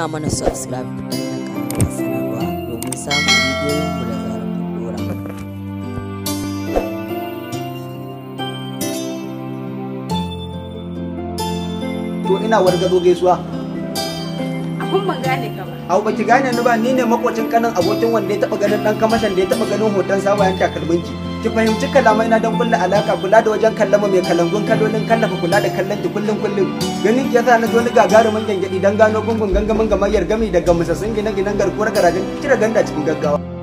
danna mana subscribe da danna sanarwa domin samun bidiyoyinmu da zarar mun dora. To ina wargazo gaisuwa. Abun ban gane ka ba. Abu baki gane ni ba ni ne makocin kanin abokin wanda ya taɓa ganin ɗan kamashin da ya taɓa ganin hoton sawayen takalminki. ki fahimci kalamai na don kulle alaka kula da wajen kallama mai kalangun kalolin kallafa kula da kallon ki kullum kullum ganin ki yasa na zo ni gagarumin gyangyaɗi don gano gungun gangamin gamayyar gami daga musassun gine-ginen garkuwar garajin cire ganda cikin gaggawa.